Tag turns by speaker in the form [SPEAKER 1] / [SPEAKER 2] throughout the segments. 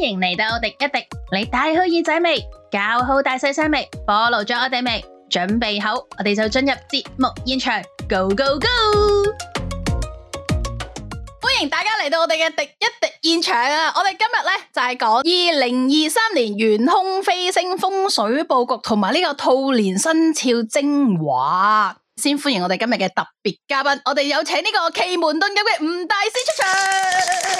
[SPEAKER 1] 歡迎嚟到廸一廸，你戴好耳仔未？搞好大細聲未？Follow 咗我哋未？準備好，我哋就進入節目現場，Go Go Go！歡迎大家嚟到我哋嘅廸一廸現場啊！我哋今日咧就係、是、講二零二三年玄空飛星風水佈局同埋呢個兔年生肖精華。先歡迎我哋今日嘅特別嘉賓，我哋有請呢個奇門遁甲嘅吳大師出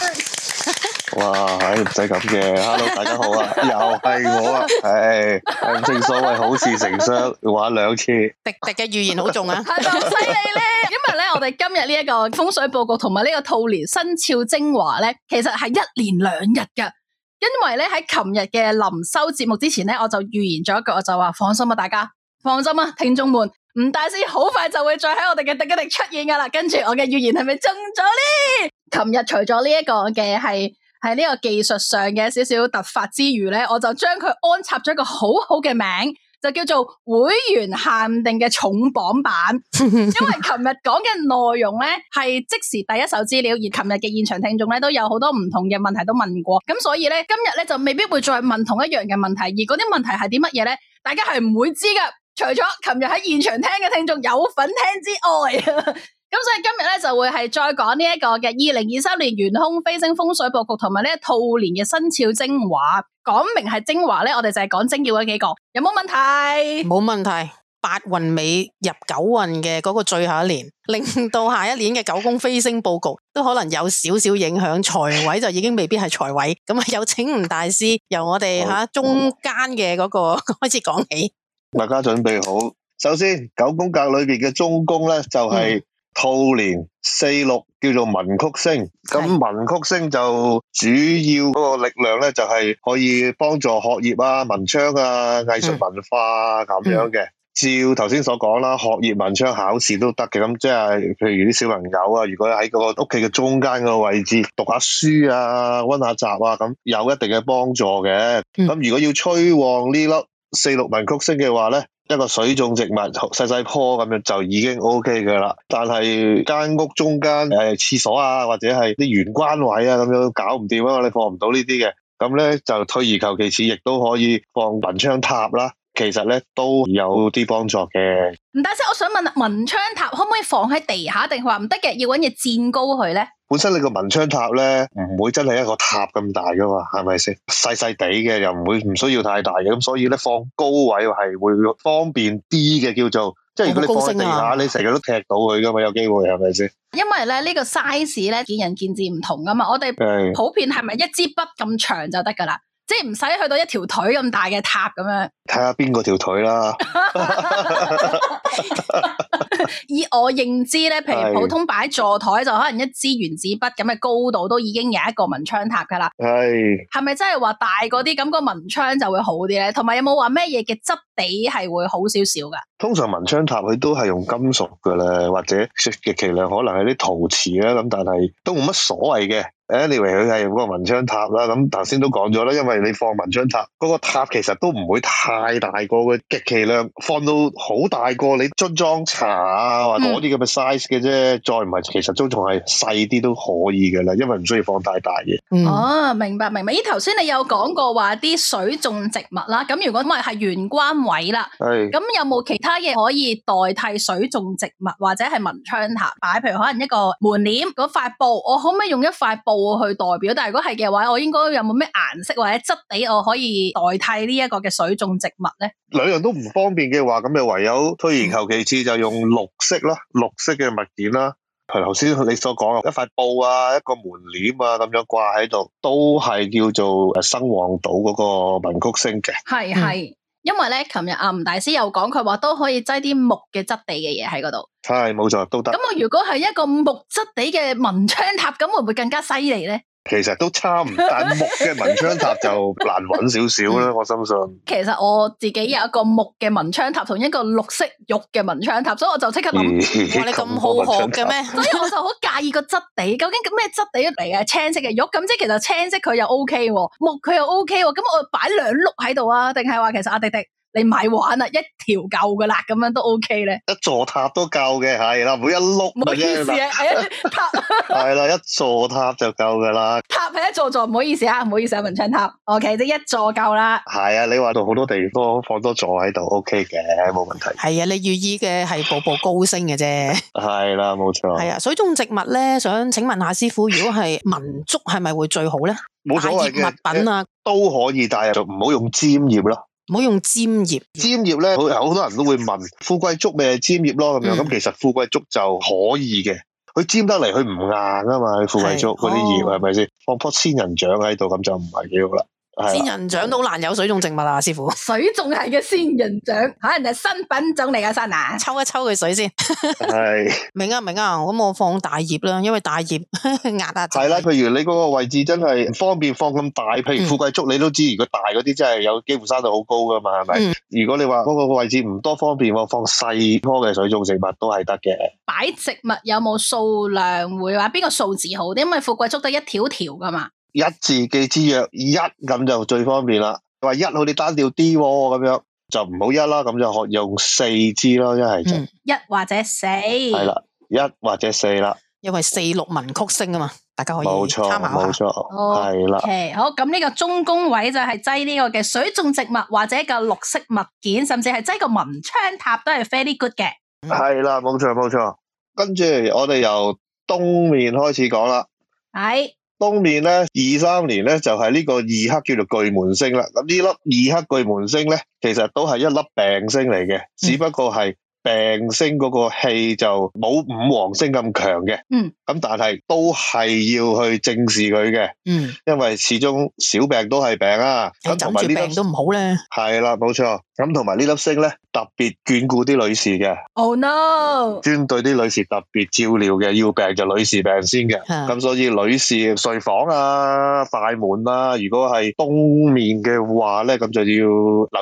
[SPEAKER 1] 場。
[SPEAKER 2] 哇！唉、哎，唔使咁嘅。Hello，大家好啊， 又係我啊，係、哎，正所謂好事成雙，玩兩次。迪
[SPEAKER 1] 迪嘅預言好重啊，係咪犀利咧？因為咧，我哋今日呢一個風水布局同埋呢個兔年生肖精華咧，其實係一連兩日噶。因為咧喺琴日嘅臨收節目之前咧，我就預言咗一句，我就話：放心啊，大家，放心啊，聽眾們，吳大師好快就會再喺我哋嘅迪一迪出現噶啦。跟住我嘅預言係咪中咗咧？琴日除咗呢一個嘅，係喺呢個技術上嘅少少突發之餘咧，我就將佢安插咗一個好好嘅名，就叫做會員限定嘅重磅版。因為琴日講嘅內容咧係即時第一手資料，而琴日嘅現場聽眾咧都有好多唔同嘅問題都問過，咁所以咧今日咧就未必會再問同一樣嘅問題，而嗰啲問題係啲乜嘢咧，大家係唔會知噶。除咗琴日喺現場聽嘅聽眾有份聽之外，咁 所以今日咧就會係再講呢一個嘅二零二三年玄空飛星風水布局，同埋呢一兔年嘅生肖精華。講明係精華咧，我哋就係講精要嗰幾個，有冇問題？冇問題。
[SPEAKER 3] 八運尾入九運嘅嗰個最後一年，令到下一年嘅九宮飛星布局 都可能有少少影響財位，就已經未必係財位。咁啊，有請吳大師由我哋吓中間嘅嗰個開始講起。
[SPEAKER 2] 大家準備好，首先九宮格裏邊嘅中宮咧就係兔年四六叫做文曲星，咁文曲星就主要嗰個力量咧就係可以幫助學業啊、文昌啊、藝術文化啊咁樣嘅。照頭先所講啦，學業文昌考試都得嘅，咁即係譬如啲小朋友啊，如果喺個屋企嘅中間個位置讀下書啊、溫下習啊，咁有一定嘅幫助嘅。咁如果要催旺呢粒，四六文曲星嘅話咧，一個水種植物細細棵咁樣就已經 O K 㗎啦。但係間屋中間誒廁所啊，或者係啲玄關位啊咁樣都搞唔掂啊，你放唔到呢啲嘅。咁咧就退而求其次，亦都可以放文昌塔啦。其實咧都有啲幫助嘅。
[SPEAKER 1] 唔得先，我想問，文昌塔可唔可以放喺地下，定係話唔得嘅，要揾嘢墊高佢咧？
[SPEAKER 2] 本身你個文昌塔咧唔、嗯、哼會真係一個塔咁大噶嘛，係咪先？細細地嘅，又唔會唔需要太大嘅，咁所以咧放高位係會方便啲嘅，叫做即係如果你放地下，啊、你成日都踢到佢噶嘛，有機會係咪先？是是
[SPEAKER 1] 因為咧呢、這個 size 咧見仁見智唔同噶嘛，我哋普遍係咪一支筆咁長就得噶啦？即係唔使去到一條腿咁大嘅塔咁樣，
[SPEAKER 2] 睇下邊個條腿啦。
[SPEAKER 1] 以我認知咧，譬如普通擺喺座台是就可能一支原子筆咁嘅高度，都已經有一個文昌塔噶啦。係係咪真係話大嗰啲咁個文昌就會好啲咧？同埋有冇話咩嘢嘅質地係會好少少噶？
[SPEAKER 2] 通常文昌塔佢都係用金屬噶啦，或者極其量可能係啲陶瓷咧，咁但係都冇乜所謂嘅。anyway 佢係個文昌塔啦，咁頭先都講咗啦，因為你放文昌塔嗰個塔其實都唔會太大個嘅，極其量放到好大個，你樽裝茶啊，或嗰啲咁嘅 size 嘅啫，再唔係其實都仲係細啲都可以嘅啦，因為唔需要放太大嘅。哦、嗯
[SPEAKER 1] 啊，明白明白。咦，頭先你有講過話啲水種植物啦，咁如果咪係玄關位啦，咁係有冇其他嘢可以代替水種植物或者係文昌塔擺？譬如可能一個門簾嗰塊布，我可唔可以用一塊布？我去代表，但係如果係嘅話，我應該有冇咩顏色或者質地我可以代替呢一個嘅水種植物咧？
[SPEAKER 2] 兩樣都唔方便嘅話，咁你唯有退而求其次，就用綠色啦，綠色嘅物件啦。譬如頭先你所講啊，一塊布啊，一個門簾啊咁樣掛喺度，都係叫做生旺到嗰個文曲星嘅。
[SPEAKER 1] 係係。因為咧，琴日阿吳大師又講，佢話都可以擠啲木嘅質地嘅嘢喺嗰度，
[SPEAKER 2] 係冇錯，都得。咁我
[SPEAKER 1] 如果係一個木質地嘅文昌塔，咁會唔會更加犀利咧？
[SPEAKER 2] 其實都差唔多，但木嘅文昌塔就難揾少少啦。我心信、 嗯、
[SPEAKER 1] 其實我自己有一個木嘅文昌塔，同一個綠色玉嘅文昌塔，所以我就即刻諗：哇、嗯、你咁好學嘅咩？ 所以我就好介意個質地，究竟咩質地嚟嘅？青色嘅玉咁即係其實青色佢又 O K，木佢又 O K，咁我擺兩碌喺度啊？定係話其實阿廸廸？你咪玩啊！一條夠噶啦，咁樣都 OK 咧。一
[SPEAKER 2] 座塔都夠嘅。係啦，每一碌。唔好意思啊，係一座塔，係啦，一座塔就夠噶啦。
[SPEAKER 1] 塔係一座座，唔好意思啊，唔好意思啊，文昌塔，OK，即一座夠啦。
[SPEAKER 2] 係啊，你話到好多地方放多座喺度，OK 嘅，冇問題。係
[SPEAKER 3] 啊，你寓意嘅係步步高升嘅啫。
[SPEAKER 2] 係啦，冇錯。係啊，
[SPEAKER 3] 水中植物咧，想請問下師傅，如果係文竹，係咪會最好咧？冇錯，物品啊，
[SPEAKER 2] 都可以，但係就唔好用尖葉咯。唔好用尖葉，尖葉咧，好多人都會問，富貴竹咪係尖葉咯，咁、嗯、樣，咁其實富貴竹就可以嘅，佢尖得嚟，佢唔硬啊嘛，富貴竹嗰啲葉係咪先？放樖仙人掌喺度，咁就唔係幾好啦。。仙人
[SPEAKER 3] 掌都難有水種植物啊，師傅。水種係嘅仙人掌，可能係新品種嚟噶，山啊。抽一抽佢水先。係 是、啊。明啊明啊，咁我放大葉啦，因為大葉壓啊。
[SPEAKER 2] 係啦，譬如你嗰個位置真係方便放咁大，譬如富貴竹、嗯、你都知，如果大嗰啲真係有機會生到好高噶嘛，係咪？嗯、如果你話嗰個位置唔多方便，放細棵嘅水種植物都係得嘅。
[SPEAKER 1] 擺植物有冇數量會話邊個數字好？因為富貴竹得一條條噶嘛。
[SPEAKER 2] 一字記之曰一，咁就最方便啦。話，一好似單調啲咁樣，就唔好一啦。咁就學用四支咯，一係嗯，一
[SPEAKER 1] 或者四係啦，
[SPEAKER 2] 一或者四啦。一或
[SPEAKER 3] 者四因為四六文曲星啊嘛，
[SPEAKER 2] 大家可以參考下。冇錯，冇錯，係啦。
[SPEAKER 1] 好，咁呢了、okay，個中宮位就係擠呢個嘅水種植物或者個綠色物件，甚至係擠個文昌塔都係 very good 嘅。
[SPEAKER 2] 係、嗯、啦，冇錯冇錯。跟住我哋由東面開始講啦。係、哎。東面咧，二三年咧就係呢個二黑叫做巨門星啦。咁呢粒二黑巨門星咧，其實都係一粒病星嚟嘅，只不過係。病星嗰個氣就冇五黃星咁強嘅，嗯，咁但係都係要去正視佢嘅，嗯，因為始終小病都係病啊，咁同埋呢粒星都唔好咧，係啦，冇錯，咁同埋呢粒星咧特別眷顧啲女士嘅，oh no，專對啲女士特別照料嘅，要病就女士病先嘅，咁所以女士睡房啊、大門啊，如果係東面嘅話咧，咁就要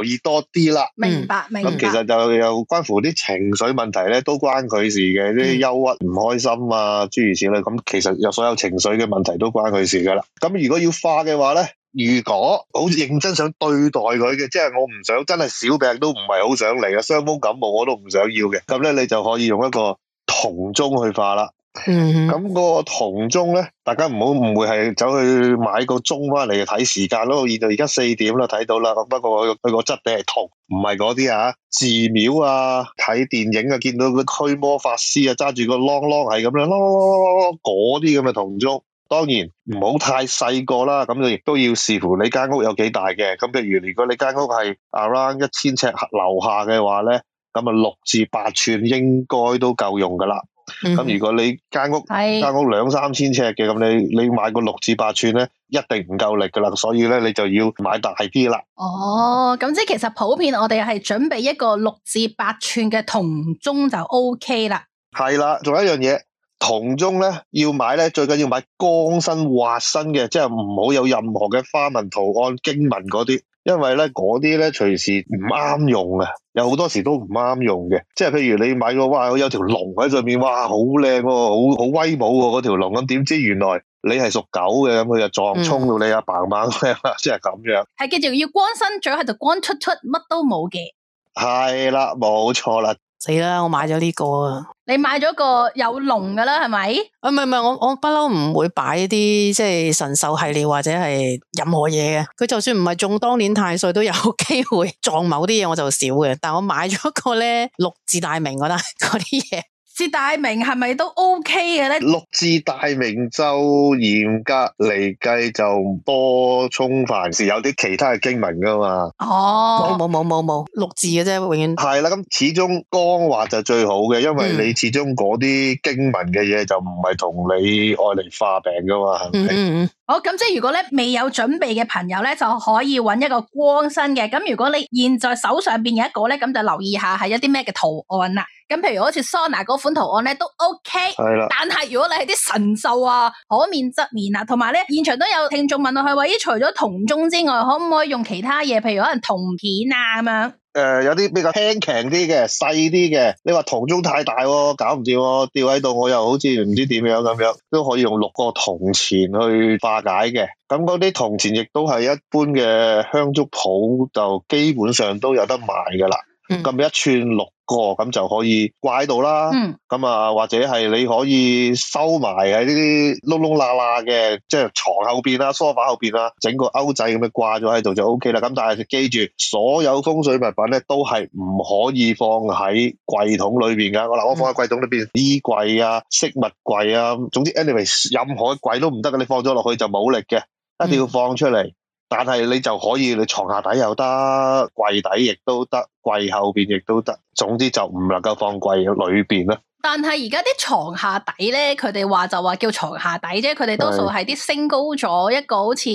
[SPEAKER 2] 留意多啲啦，
[SPEAKER 1] 明白，明白，咁其實
[SPEAKER 2] 就有關乎啲。情緒問題咧都關佢事嘅，啲、嗯、憂鬱唔開心啊諸如此類，咁其實有所有情緒嘅問題都關佢事㗎喇。咁如果要化嘅話咧，如果好認真想對待佢嘅，即、就、係、是、我唔想真係小病都唔係好想嚟嘅，傷風感冒我都唔想要嘅，咁咧你就可以用一個銅鐘去化啦。嗯，咁嗰、mm hmm. 個銅鐘咧，大家唔好誤會，係走去買個鐘翻嚟睇時間咯。現到而家四點啦，睇到啦。不過佢個質地係銅，唔係嗰啲啊寺廟啊睇電影啊見到個驅魔法師啊揸住個啷啷啷啷係咁樣咯嗰啲咁嘅銅鐘，當然唔好太細個啦。咁就亦都要視乎你間屋有幾大嘅。咁譬如如果你間屋係 around 一千尺樓下嘅話咧，咁啊六至八寸應該都夠用噶啦。咁、嗯、如果你間屋間是屋兩三千尺嘅，咁你你買個六至八寸咧，一定唔夠力噶啦，所以咧你就要買大啲啦。
[SPEAKER 1] 哦，咁即係其實普遍我哋係準備一個六至八寸嘅銅鐘就 OK 啦。
[SPEAKER 2] 係啦，仲有一樣嘢。同中咧要買咧，最緊要買光身滑身嘅，即係唔好有任何嘅花紋圖案、經紋嗰啲，因為咧嗰啲咧隨時唔啱用啊，有好多時都唔啱用嘅。即係譬如你買個哇，有條龍喺上面，哇好靚，好好威武喎，嗰條龍咁，點知原來你係屬狗嘅，咁佢就撞沖到你啊，嘭嘭聲啦，即係咁樣。
[SPEAKER 1] 係，繼續要光身最喺度光出出，乜都冇嘅。
[SPEAKER 2] 係啦，冇錯啦。死啦！我買咗
[SPEAKER 3] 呢個，個是是啊，
[SPEAKER 1] 你買咗個有龍噶啦，係咪？啊，唔係唔係，我我不嬲唔會擺
[SPEAKER 3] 一啲即係神獸系列或者係任何嘢嘅。佢就算唔係中當年太歲都有機會撞某啲嘢，我就少嘅。但係我買咗個咧六字大明單
[SPEAKER 1] 嗰啲嘢。 字大明係咪都 OK 嘅咧？六字大明，是
[SPEAKER 2] 是、OK、字大明嚴就嚴格嚟計就多充泛，事，有啲其他嘅經文噶嘛。哦，冇冇冇冇冇，六字嘅啫，永遠。係啦，咁、嗯、始終光話就最好嘅，因為你始終嗰啲經文嘅嘢，就唔係同你愛嚟化病噶嘛，係咪？嗯嗯
[SPEAKER 1] 好，咁、oh, 即係如果咧未有準備嘅朋友咧，就可以搵一個光身嘅。咁如果你現在手上邊有一個咧，咁就留意下係一啲咩嘅圖案啦。咁譬如好似 Sona 嗰款圖案咧都 OK，係啦的。但係如果你係啲神獸啊、可面側面啊，同埋咧現場都有聽眾問我係關咦，除咗銅鐘之外，可唔可以用其他嘢？譬如可能銅片啊咁樣。
[SPEAKER 2] 誒、呃，有啲比較輕強啲嘅細啲嘅，你話銅鐘太大喎、哦，搞唔掂喎，吊喺度我又好似唔知點樣咁樣，都可以用六個銅錢去化解嘅。咁嗰啲銅錢亦都係一般嘅香燭鋪就基本上都有得賣噶啦。咁一串六。個咁、哦、就可以掛喺度啦，咁、嗯、啊或者係你可以收埋喺呢啲窿窿罅罅嘅，即、就、係、是、床後邊啦、梳化後邊啦，整個鈎仔咁樣掛咗喺度就 O K 啦。咁但係就記住，所有風水物品咧都係唔可以放喺櫃桶裏邊噶。嗱，我放喺櫃桶裏邊，嗯、衣櫃啊、飾物櫃啊，總之 anyways 任何櫃都唔得噶。你放咗落去就冇力嘅，嗯、一定要放出嚟。但係你就可以，你床下底又得，櫃底亦都得，櫃後邊亦都得，總之就唔能夠放櫃裏邊啦。
[SPEAKER 1] 但係而家啲床下底咧，佢哋話就話叫床下底啫，佢哋多數係啲升高咗是一個好似。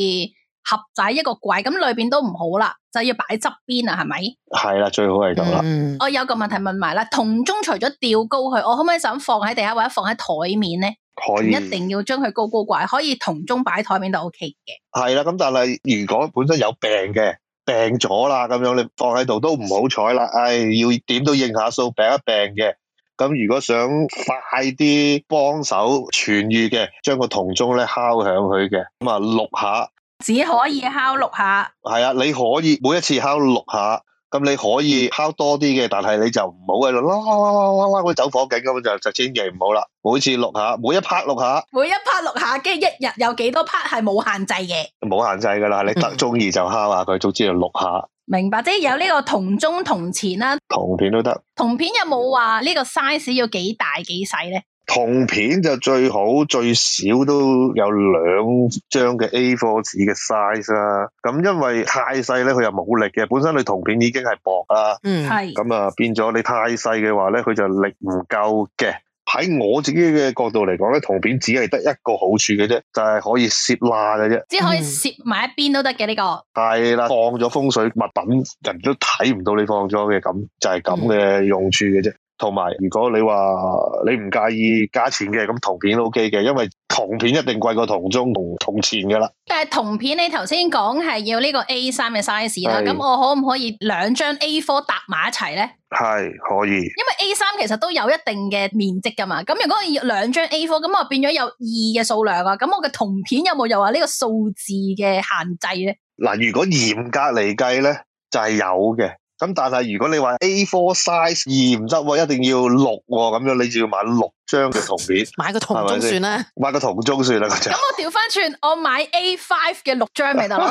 [SPEAKER 1] 合仔一個櫃咁裏邊都唔好啦，就要擺側邊啊，係咪？
[SPEAKER 2] 係啦，最好係咁啦。嗯，我
[SPEAKER 1] 有個問題問埋啦，銅鐘除咗吊高佢，我可唔可以就咁放喺地下或者放喺台面咧？唔以一定要將佢高高掛，可以銅鐘擺台面都 OK 嘅。
[SPEAKER 2] 係啦，咁但係如果本身有病嘅病咗啦，咁樣你放喺度都唔好彩啦。唉，要點都認下數，病一病嘅，咁如果想快啲幫手痊癒嘅，將個銅鐘咧敲響佢嘅，咁啊六下。
[SPEAKER 1] 只可以敲六下。
[SPEAKER 2] 係啊，你可以每一次敲六下，咁你可以敲多啲嘅，但係你就唔好喺度拉拉拉拉會，走火警，咁就就千祈唔好啦。每次六下，每一 part 六下，
[SPEAKER 1] 每一 part 六下，跟住一日有幾多 part 係冇限制
[SPEAKER 2] 嘅。冇限制噶啦，你得中意，就敲下佢，嗯、總之就六下。
[SPEAKER 1] 明白，即係有呢個銅鐘、銅錢啦，
[SPEAKER 2] 銅片都得。
[SPEAKER 1] 銅片有冇話呢個 size 要幾大幾細咧？
[SPEAKER 2] 銅片就最好最少都有兩張嘅 A4 紙嘅 size 啦，啊、咁、嗯、因為太細咧，佢又冇力嘅。本身你銅片已經係薄啊，嗯，係咁啊，變咗你太細嘅話咧，佢就力唔夠嘅。喺我自己嘅角度嚟講咧，銅片只係得一個好處嘅啫，就係、是、可以攝爛嘅啫，即
[SPEAKER 1] 係可以攝埋一邊都得嘅，呢
[SPEAKER 2] 個係啦。放咗風水物品人，人都睇唔到你放咗嘅，咁就係咁嘅用處嘅啫。嗯同埋，如果你話你唔介意價錢嘅，咁銅片都 OK 嘅，因為銅片一定貴過銅鐘、同銅錢噶啦。
[SPEAKER 1] 但係銅片，你頭先講係要呢個 A 三嘅 size 啦是，咁我可唔可以兩張 A 四搭埋一齊咧？
[SPEAKER 2] 係可以。
[SPEAKER 1] 因為 A 三其實都有一定嘅面積噶嘛，咁如果要兩張 A 四，咁我變咗有二嘅數量啊，咁我嘅銅片有冇又話呢個數字嘅限制咧？
[SPEAKER 2] 嗱，如果嚴格嚟計咧，就係、是、有嘅。咁但係如果你話 A4 size 二唔得喎，一定要六喎，哦，咁樣你就要買六張嘅銅片， 買個銅中算啦，買個銅中算啦，咁 我
[SPEAKER 1] 調翻轉，我買 A5 嘅六張咪得咯。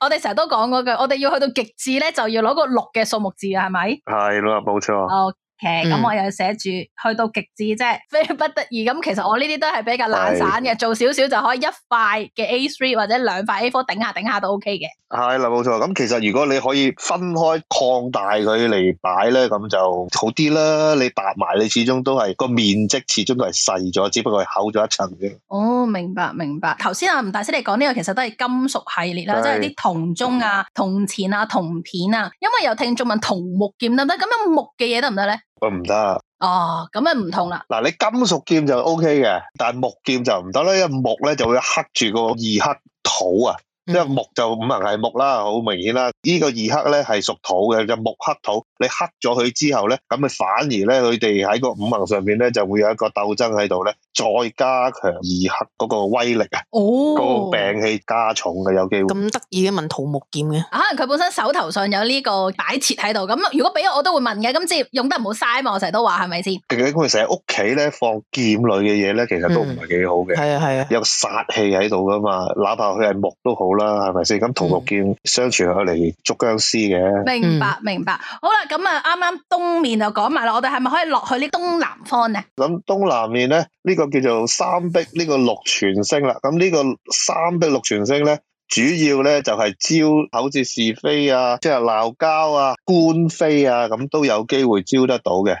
[SPEAKER 1] 我哋成日都講嗰句，我哋要去到極致咧，就要攞個六嘅數目字啊，係咪？
[SPEAKER 2] 係咯，冇錯。 哦
[SPEAKER 1] 咁、嗯、我又寫住去到極致，即係非不得已。咁其實我呢啲都係比較懶散嘅，是做少少就可以一塊嘅 A3 或者兩塊 A4 頂下頂下都 OK 嘅。
[SPEAKER 2] 係啦，冇錯。咁、嗯、其實如果你可以分開擴大佢嚟擺咧，咁就好啲啦。你搭埋你始終都係個面積，始終都係細咗，只不過係厚咗一層啫。哦，
[SPEAKER 1] 明白明白。頭先阿吳大師你講呢個其實都係金屬系列啦，是即係啲銅鐘啊、銅錢、嗯、啊、銅片啊。因為有聽眾問銅木劍得唔得，咁樣木嘅嘢得唔得咧？我唔得哦，咁啊唔同啦。
[SPEAKER 2] 嗱，你金屬劍就 OK 嘅，但係木劍就唔得啦，因為木咧就會刻住個二黑土啊。嗯、因為木就五行係木啦、啊，好明顯啦、啊。呢、呢個二黑咧係屬土嘅，就是、木黑土。你刻咗佢之後咧，咁咪反而咧佢哋喺個五行上邊咧就會有一個鬥爭喺度咧。再加強二黑嗰個威力啊！哦，嗰個病氣加重嘅，有機會。咁
[SPEAKER 3] 得意嘅問桃木劍嘅、
[SPEAKER 1] 啊，可能佢本身手頭上有呢個擺設喺度。咁如果俾我，我都會問嘅。咁即用得唔好嘥嘛？我成日都話係咪先？
[SPEAKER 2] 咁佢成日屋企咧放劍類嘅嘢咧，其實都唔係幾好嘅。係啊係啊，啊有殺氣喺度噶嘛？哪怕佢係木都好啦，係咪先？咁桃木劍相傳係嚟捉僵屍嘅。明白
[SPEAKER 1] 明白。好啦，咁啊，啱啱東面就講埋啦，我哋係咪可以落去呢東南方咧？
[SPEAKER 2] 咁東南面咧呢個。個叫做三碧呢個祿存星啦，咁呢個三碧祿存星咧，主要咧就係、是、招口舌是非啊，即係鬧交啊、官非啊，咁都有機會招得到嘅。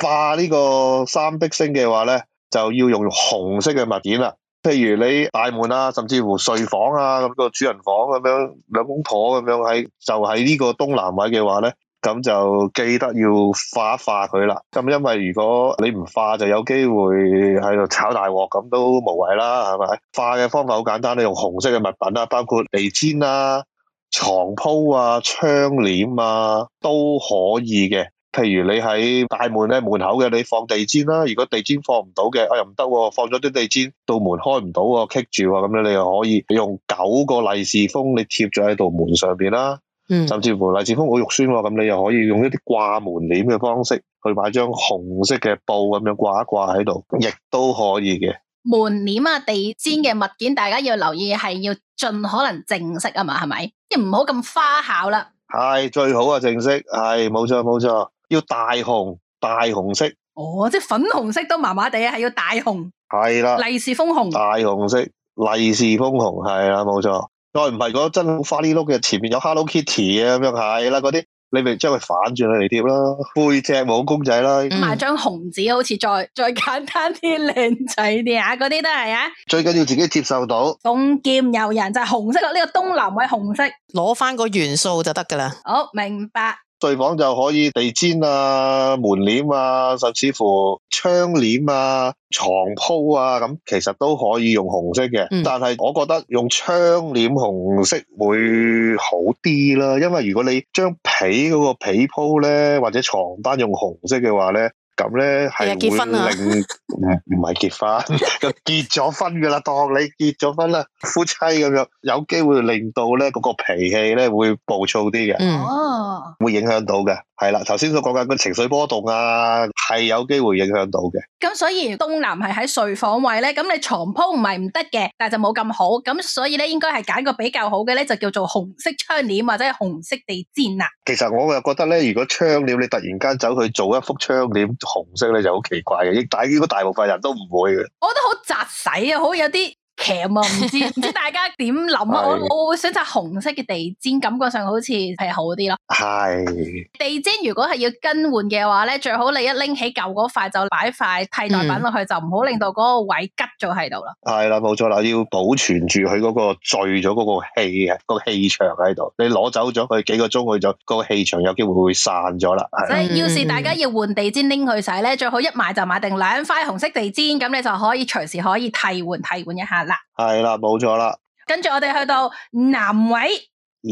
[SPEAKER 2] 化呢個三碧星嘅話咧，就要用紅色嘅物件啦，譬如你大門啊，甚至乎睡房啊，咁、個主人房咁樣，兩公婆咁樣喺就喺呢個東南位嘅話咧，咁就記得要化一化佢啦。咁因為如果你唔化，就有機會喺度炒大鑊，咁都無謂啦，係咪？化嘅方法好簡單，你用紅色嘅物品啦，包括地氈啦、床鋪啊、窗簾啊都可以嘅。譬如你喺大門咧，門口嘅你放地氈啦、啊。如果地氈放唔到嘅，我又唔得喎，放咗啲地氈，道門開唔到喎，棘住喎、啊，咁咧你又可以你用九個利是封，你貼咗喺度門上邊啦、啊。嗯、甚至乎利是封好肉酸喎、啊，咁你又可以用一啲掛門簾嘅方式去買張紅色嘅布咁樣掛一掛喺度，亦都可以嘅。
[SPEAKER 1] 門簾啊、地氈嘅物件，大家要留意係要盡可能正式啊嘛，係咪？即係唔好咁花巧啦。
[SPEAKER 2] 係最好啊，正式係冇錯冇錯，要大紅大紅色。
[SPEAKER 1] 哦，即係粉紅色都麻麻地啊，係要大紅。
[SPEAKER 2] 係啦，利是封紅。大紅色，利是封紅係啦，冇錯。再唔係嗰張花呢碌嘅，前面有 Hello Kitty 啊，咁樣係啦，嗰啲你咪將佢反轉嚟貼咯，背脊冇公仔啦，買張
[SPEAKER 1] 紅紙好似再再簡單啲靚仔啲啊，嗰啲都係啊，
[SPEAKER 2] 最緊要自己接受到。
[SPEAKER 1] 東劍遊人就係、是、紅色咯，呢、這個東南位紅色，攞翻個元素就得噶啦。好，明白。
[SPEAKER 2] 睡房就可以地氈啊、門簾啊，甚至乎窗簾啊、床鋪啊，咁其實都可以用紅色嘅。嗯、但係我覺得用窗簾紅色會好啲啦，因為如果你將被嗰個被鋪咧，或者床單用紅色嘅話咧。咁咧係會令唔係 結婚，咁結咗 婚噶啦，當你結咗婚啦，夫妻咁樣有機會令到咧嗰個脾氣咧會暴躁啲嘅，哦，會影響到嘅，係啦，頭先所講緊嘅情緒波動啊，係有機會影響到嘅。
[SPEAKER 1] 咁所以東南係喺睡房位咧，咁你床鋪唔係唔得嘅，但係就冇咁好，咁所以咧應該係揀個比較好嘅咧，就叫做紅色窗簾或者紅色地氈啦、
[SPEAKER 2] 啊。其實我又覺得咧，如果窗簾你突然間走去做一幅窗簾，紅色咧就好奇怪嘅，亦但係呢個大部分人都唔會嘅。
[SPEAKER 1] 我覺得好雜使啊，好有啲。 啊，唔知唔知大家點諗啊？我我會選擇紅色嘅地氈，感覺上好似係好啲咯。
[SPEAKER 2] 係是
[SPEAKER 1] 地氈如果係要更換嘅話咧，最好你一拎起舊嗰塊就擺塊替代品落去，嗯、就唔好令到嗰個位吉咗喺度啦。
[SPEAKER 2] 係啦，冇錯啦，要保存住佢嗰個聚咗嗰個氣嘅、個氣場喺度。你攞走咗佢幾個鐘去咗，個氣場有機會會散咗啦。嗯、所以，要是
[SPEAKER 1] 大家要換地氈拎去洗咧，最好一買就買定兩塊紅色地氈，咁你就可以隨時可以替換替換一下啦。
[SPEAKER 2] 係啦，冇錯啦。
[SPEAKER 1] 跟住我哋去到南位，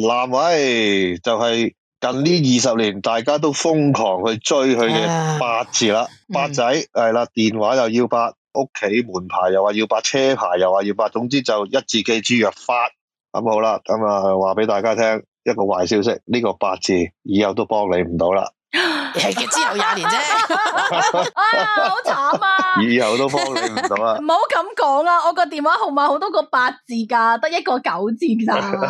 [SPEAKER 2] 南位就係、是、近呢二十年，大家都瘋狂去追佢嘅八字啦，八、啊嗯、仔，係啦，電話又要八，屋企門牌又話要八，車牌又話要八，總之就一字記之曰八。咁好啦，咁啊話俾大家聽一個壞消息，呢、這個八字以後都幫你唔到啦。係之 有廿年啫、 啊，哎呀，好慘啊！ 以後都幫你唔到啊！唔
[SPEAKER 1] 好咁講啊！我個電話號碼好多個八字噶，得一個九字咋、
[SPEAKER 2] 啊，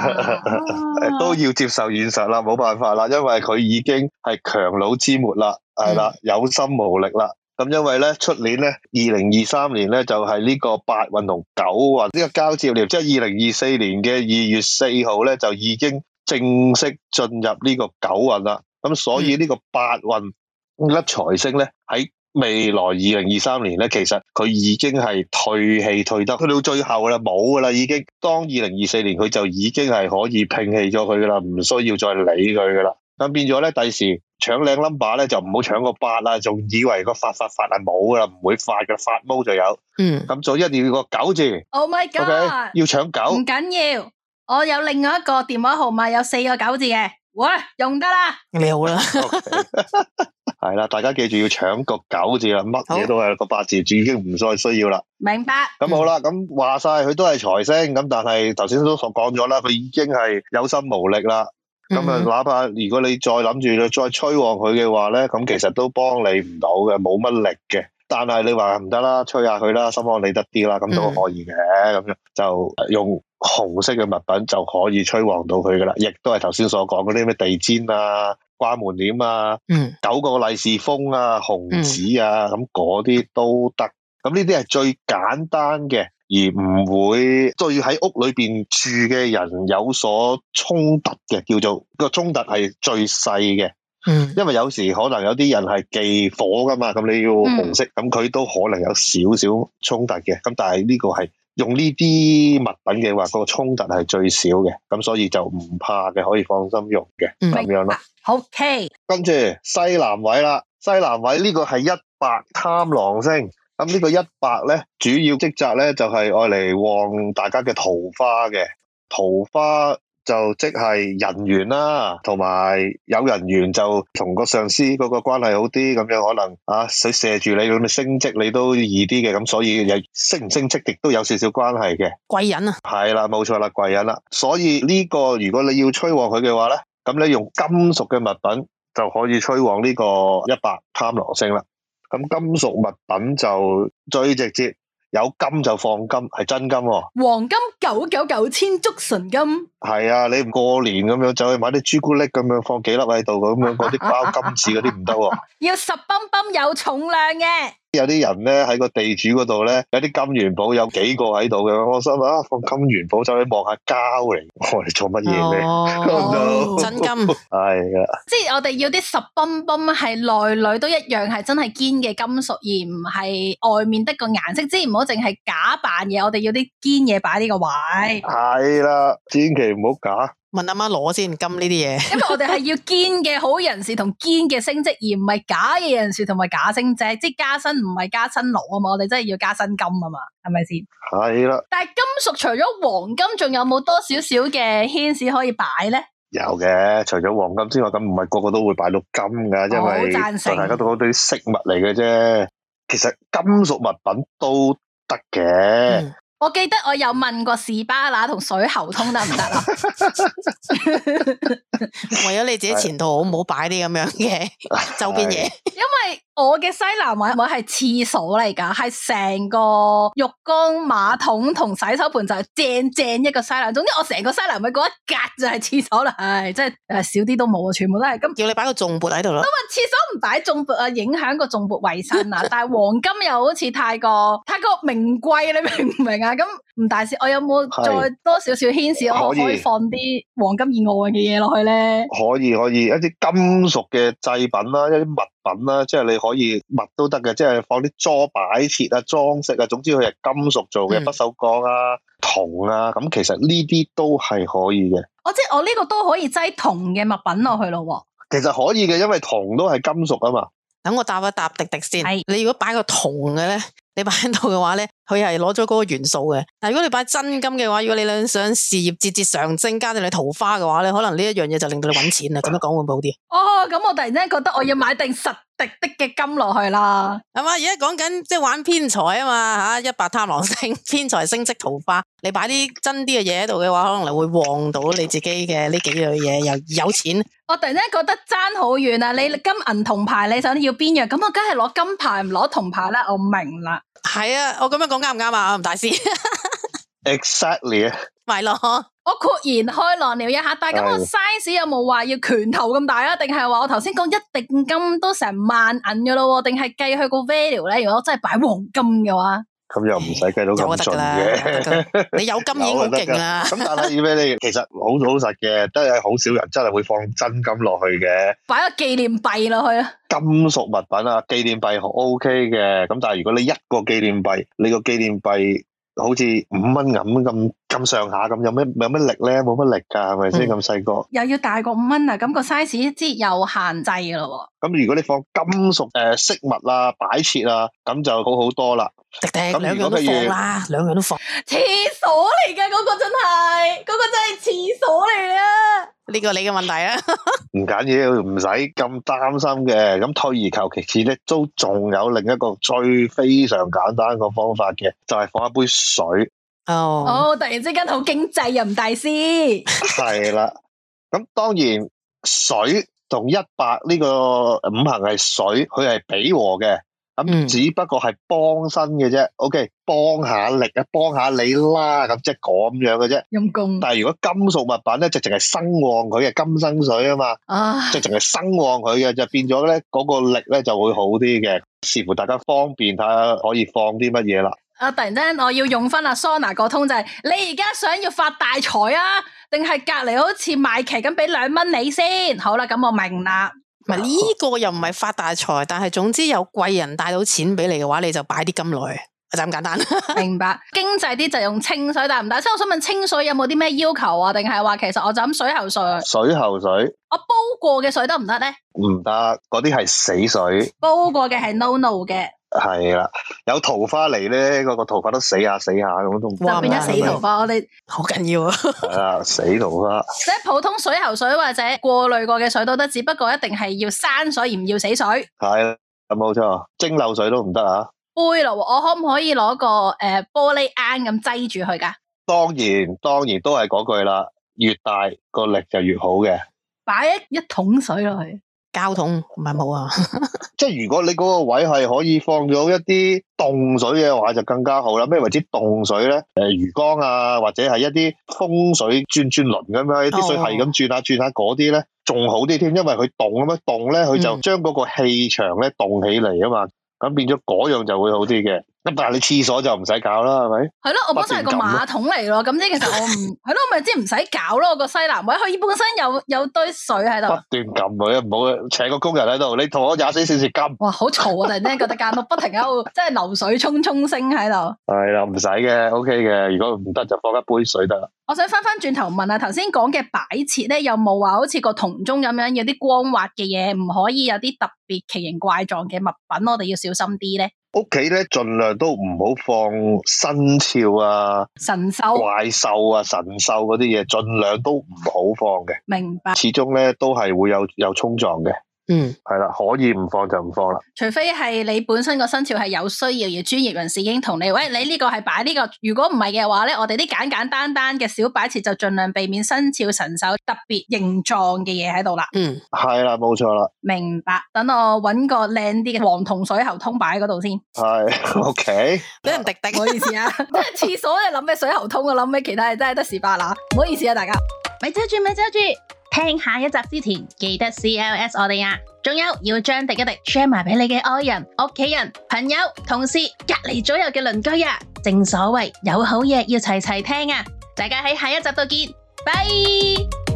[SPEAKER 2] 啊、 都要接受現實啦，冇辦法啦，因為佢已經係強弩之末啦，係啦， 有心無力啦。咁因為咧，出年咧，二零二三年咧，就係、是、呢個八運同九運呢、這個交接、就是、年，即係二零二四年嘅二月四號咧，就已經正式進入呢個九運啦。咁、嗯、所以呢個八運粒財星咧，喺未來二零二三年咧，其實佢已經係退氣退得，去到最後啦，冇噶啦，已經當二零二四年佢就已經係可以摒棄咗佢噶啦，唔需要再理佢噶啦。咁變咗咧，第時搶靚 number 咧就唔好搶個八啦，仲以為個發發發係冇噶啦，唔會發嘅發毛就有。嗯，咁就一定要個九字
[SPEAKER 1] ，Oh my God，okay？要搶九？唔緊要，我有另外一個電話號碼，有四個九字嘅。喂，用得
[SPEAKER 2] 啦，你好了啦，係 啦 Okay. 大家記住要搶個九字啦，乜嘢都係個好八字字已經唔再需要啦。
[SPEAKER 1] 明白。
[SPEAKER 2] 咁好啦，咁、嗯、話晒佢都係財星，咁但係頭先都所講咗啦，佢已經係有心無力啦。咁啊，哪怕如果你再諗住再催旺佢嘅話咧，咁其實都幫你唔到嘅，冇乜力嘅。但係你話唔得啦，吹下佢啦，心安理得啲啦，咁都可以嘅，咁樣、嗯、就用紅色嘅物品就可以吹旺到佢噶啦。亦都係頭先所講嗰啲咩地氈啊、關門簾啊、嗯、九個利是封啊、紅紙啊，咁嗰啲都得。咁呢啲係最簡單嘅，而唔會對喺屋裏邊住嘅人有所衝突嘅，叫做、個衝突係最細嘅。嗯，因為有時可能有啲人係忌火噶嘛，咁你要紅色，咁佢、嗯、都可能有少少衝突嘅，咁但係呢個係用呢啲物品嘅話，嗰、嗰個衝突係最少嘅，咁所以就唔怕嘅，可以放心用嘅咁樣咯。好，跟住西南位啦，西南位呢個係一白，貪狼星，咁呢個一白咧主要職責咧就係愛嚟旺大家嘅桃花嘅桃花。就即係人緣啦，同埋有人緣就同個上司嗰個關係好啲，咁樣可能啊，佢射住你咁咪升職，你都易啲嘅，咁所以又升唔升職亦都有少少關係嘅。貴人啊，係啦，冇錯啦，貴人啦，所以呢個如果你要催旺佢嘅話咧，咁你用金屬嘅物品就可以催旺呢個一白貪狼星啦。咁金屬物品就最直接。有金就放金，係真金，哦。
[SPEAKER 1] 黃金九九九千足純金。
[SPEAKER 2] 係啊，你唔過年咁樣就去買啲朱古力咁樣放幾粒喺度，咁樣嗰啲包金紙嗰啲唔得。
[SPEAKER 1] 要十斤斤有重量嘅。
[SPEAKER 2] 有啲人咧喺個地主嗰度咧，有啲金元寶有幾個喺度嘅，我心諗啊，放金元寶走去望下膠嚟，看看膠，哎 oh, no, no, 我哋做乜嘢咧？真金係啊，
[SPEAKER 1] 即係我哋要啲實崩崩，係內裏都一樣係真係堅嘅金屬，而唔係外面得個顏色，即係唔好淨係假扮嘢。我哋要啲堅嘢擺呢個位，
[SPEAKER 3] 係啦，千祈唔好假。問阿媽攞先金
[SPEAKER 2] 呢啲嘢，因
[SPEAKER 1] 為我哋係要堅嘅好人士同堅嘅升職， 而唔係假嘅人士同埋假升職，即係加薪唔係加辛勞啊嘛，我哋真係要加薪金啊嘛，
[SPEAKER 2] 係咪先？係啦。
[SPEAKER 1] 但係金屬除咗黃金，仲有冇多少少嘅牽絲可以擺咧？
[SPEAKER 2] 有嘅，除咗黃金之外，咁唔係個個都會擺到金噶，成因為大家都講嗰啲飾物嚟嘅啫。其實金屬物品都得嘅。嗯
[SPEAKER 1] 我記得我有問過士巴拿同水喉通得唔得咯？
[SPEAKER 3] 為咗你自己前途，唔好擺啲咁樣嘅周邊嘢，
[SPEAKER 1] 因為。我嘅西南位尾係廁所嚟噶，係成個浴缸、馬桶同洗手盆就正正一個西南。總之我成個西南位嗰一格就係廁所啦，係即係誒少啲都冇啊，全部都係咁。叫你擺個重撥喺度咯。咁啊，廁所唔擺重撥啊，影響個重撥衛生啊。 但係黃金又好似太過太過名貴，你明唔明啊？咁吳大師，我有冇再是多少少牽涉我可唔可以放啲黃金以外嘅嘢落去咧？
[SPEAKER 2] 可以可以，一啲金屬嘅製品啦，一啲物。.品啦，即係你可以物都得嘅，即係放啲桌擺設啊、裝飾啊，總之佢係金屬做嘅，嗯、不銹鋼啊、銅啊，咁其實呢啲都係可以嘅。
[SPEAKER 1] 我即係我呢個都可以擠銅嘅物品落去咯、哦。
[SPEAKER 2] 其實可以嘅，因為銅都係金屬啊嘛。
[SPEAKER 1] 等我搭一搭
[SPEAKER 3] 廸廸先。是你如果擺個銅嘅咧，你擺喺度嘅話咧。佢係攞咗嗰個元素嘅，但係如果你擺真金嘅話，如果你想事業節節上升，加上你桃花嘅話咧，可能呢一樣嘢就令
[SPEAKER 1] 到你搵錢啦。咁樣講會唔會好啲？哦，咁我突然間覺得我要買定實實的嘅金落去啦。
[SPEAKER 3] 係、嗯、嘛，而家講緊即係玩偏財啊嘛吓，一白貪狼星，偏財升職桃花，你擺啲真啲嘅嘢喺度嘅話，可能你會旺到你自己嘅呢幾樣嘢，又有，有錢。
[SPEAKER 1] 我突然間覺得爭好遠啊！你金銀銅牌，你想要邊樣？咁我梗係攞金牌唔攞銅牌啦。我明啦。係啊，我咁樣講啱唔啱啊，吳大師
[SPEAKER 2] ？Exactly，啊，
[SPEAKER 1] 咪咯，我豁然開朗了一下。但係咁個 size 有冇話要拳頭咁大啊？定係話我頭先講一定金都成萬銀嘅咯？定係計佢個 value 咧？如果真係擺黃金嘅話？
[SPEAKER 2] 咁又唔使計到咁盡嘅，你有金已經好勁啦。咁 但係咩咧？其實好老實嘅，都係好少人真係會放真金落去嘅。
[SPEAKER 1] 擺個紀念幣落去
[SPEAKER 2] 啊，金屬物品啊，紀念幣好 OK 嘅。咁但係如果你一個紀念幣，你個紀念幣。好似五蚊咁咁咁上下咁，有咩有咩力咧？冇乜力噶，係咪先咁細個？
[SPEAKER 1] 又要大過五蚊啊！咁個 size 即係有限制嘅咯喎。
[SPEAKER 2] 咁如果你放金屬誒、呃、飾物啊、擺設啊，咁就好好多啦。直情、嗯，兩樣都放啦，兩樣都放。
[SPEAKER 1] 廁所嚟㗎，嗰個真係，嗰個真係廁所嚟啊！
[SPEAKER 3] 呢個你嘅問題啊。
[SPEAKER 2] 唔緊要，唔使咁擔心嘅。咁退而求其次咧，都仲有另一個最非常簡單個方法嘅，就係、是、放一杯水。哦
[SPEAKER 1] ，oh, 突然之間好經濟又吳大師。
[SPEAKER 2] 係 啦， 咁當然水同一白呢個五行係水，佢係比和嘅。咁只不過係幫身嘅啫，OK，幫下力啊，幫下你啦，咁即係咁樣嘅啫。陰公。但係如果金屬物品咧，就淨係生旺佢嘅金生水啊嘛，即係淨係生旺佢嘅，就變咗咧嗰個力咧就會好啲嘅。視乎大家方便下，可以放啲乜嘢啦。
[SPEAKER 1] 啊！突然間我要用翻阿 Sona 個通，就係你而家想要發大財啊？定係隔籬好似賣旗咁俾兩蚊你先？好啦，咁我明啦。
[SPEAKER 3] 呢、呢個又唔係發大財，但係總之有貴人帶到錢俾你嘅話，你就擺啲金來，就咁簡單。 明白，
[SPEAKER 1] 經濟啲就用清水大大，得唔得？即係我想問清水有冇啲咩要求啊？定係話其實我就諗水喉水，
[SPEAKER 2] 水喉水，
[SPEAKER 1] 我煲過嘅水得唔得咧？
[SPEAKER 2] 唔得，嗰啲係死水。
[SPEAKER 1] 煲過嘅係 no no 嘅。
[SPEAKER 2] 係啦，有桃花嚟咧，個個桃花都死下死下咁都。就變咗死桃花，我哋好緊要啊！係啊，死桃花。
[SPEAKER 1] 即係普通水喉水或者過濾過嘅水都得，只不過一定係要生水而唔要死水。
[SPEAKER 2] 係，有冇錯。蒸餾水都唔得啊！
[SPEAKER 1] 杯爐，我可唔可以攞個誒玻璃罌咁擠住佢噶？
[SPEAKER 2] 當然，當然都係嗰句啦。越大個力就越好嘅。
[SPEAKER 3] 擺一桶水落去。交通唔係冇啊，
[SPEAKER 2] 即係如果你嗰個位係可以放咗一啲凍水嘅話，就更加好啦。咩為之凍水咧？誒、呃，魚缸啊，或者係一啲風水轉轉輪咁樣，啲、哦、水係咁轉下轉下，嗰啲咧仲好啲添，因為佢凍咁樣凍咧，佢就將嗰個氣場咧凍起嚟啊嘛，咁、嗯、變咗嗰樣就會好啲嘅。咁但係你廁所就唔使搞啦，係咪？係
[SPEAKER 1] 咯，我本身係個馬桶嚟咯，咁即其實我唔係咯，咪即唔使搞咯，個西南位佢本身有有堆水喺度，不
[SPEAKER 2] 斷撳佢，唔好請個工人喺度，你同我踩死少少金。哇，好
[SPEAKER 1] 嘈啊！突然間覺得間屋不停喺度，即係 流水沖沖聲喺度。
[SPEAKER 2] 係啦，唔使嘅，OK 嘅。如果唔得就放一杯水得
[SPEAKER 1] 啦。我想翻翻轉頭問下，頭先講嘅擺設咧，有冇話好似個銅鐘咁樣，有啲光滑嘅嘢，唔可以有啲特別奇形怪狀嘅物品，我哋要小心啲咧。
[SPEAKER 2] 屋企咧，盡量都唔好放生肖啊、神獸、怪獸啊、神獸嗰啲嘢，盡量都唔好放嘅。明白，始終咧都係會有有衝撞嘅。嗯，係啦，可以唔放就唔放啦。
[SPEAKER 1] 除非係你本身個生肖係有需要，而專業人士已經同你，喂，你呢個係擺呢個。如果唔係嘅話咧，我哋啲簡簡單單嘅小擺設就盡量避免生肖神獸、特別形狀嘅嘢喺度啦。嗯，
[SPEAKER 2] 係啦，冇錯啦。
[SPEAKER 1] 明白。等我搵個靚啲嘅黃銅水喉通擺喺嗰度先。
[SPEAKER 2] 係，OK。
[SPEAKER 1] 俾人滴滴，唔好意思啊。即係廁所你諗咩水喉通？我諗咩其他嘢真係得屎巴啦。唔好意思啊，大家。咪遮住，咪遮住。聽下一集之前，記得 CLS 我哋呀、啊，仲有要將廸一廸 share 埋俾你嘅愛人、屋企人、朋友、同事、隔籬左右嘅鄰居呀、啊。正所謂有好嘢要齊齊聽啊！大家喺下一集度見，拜。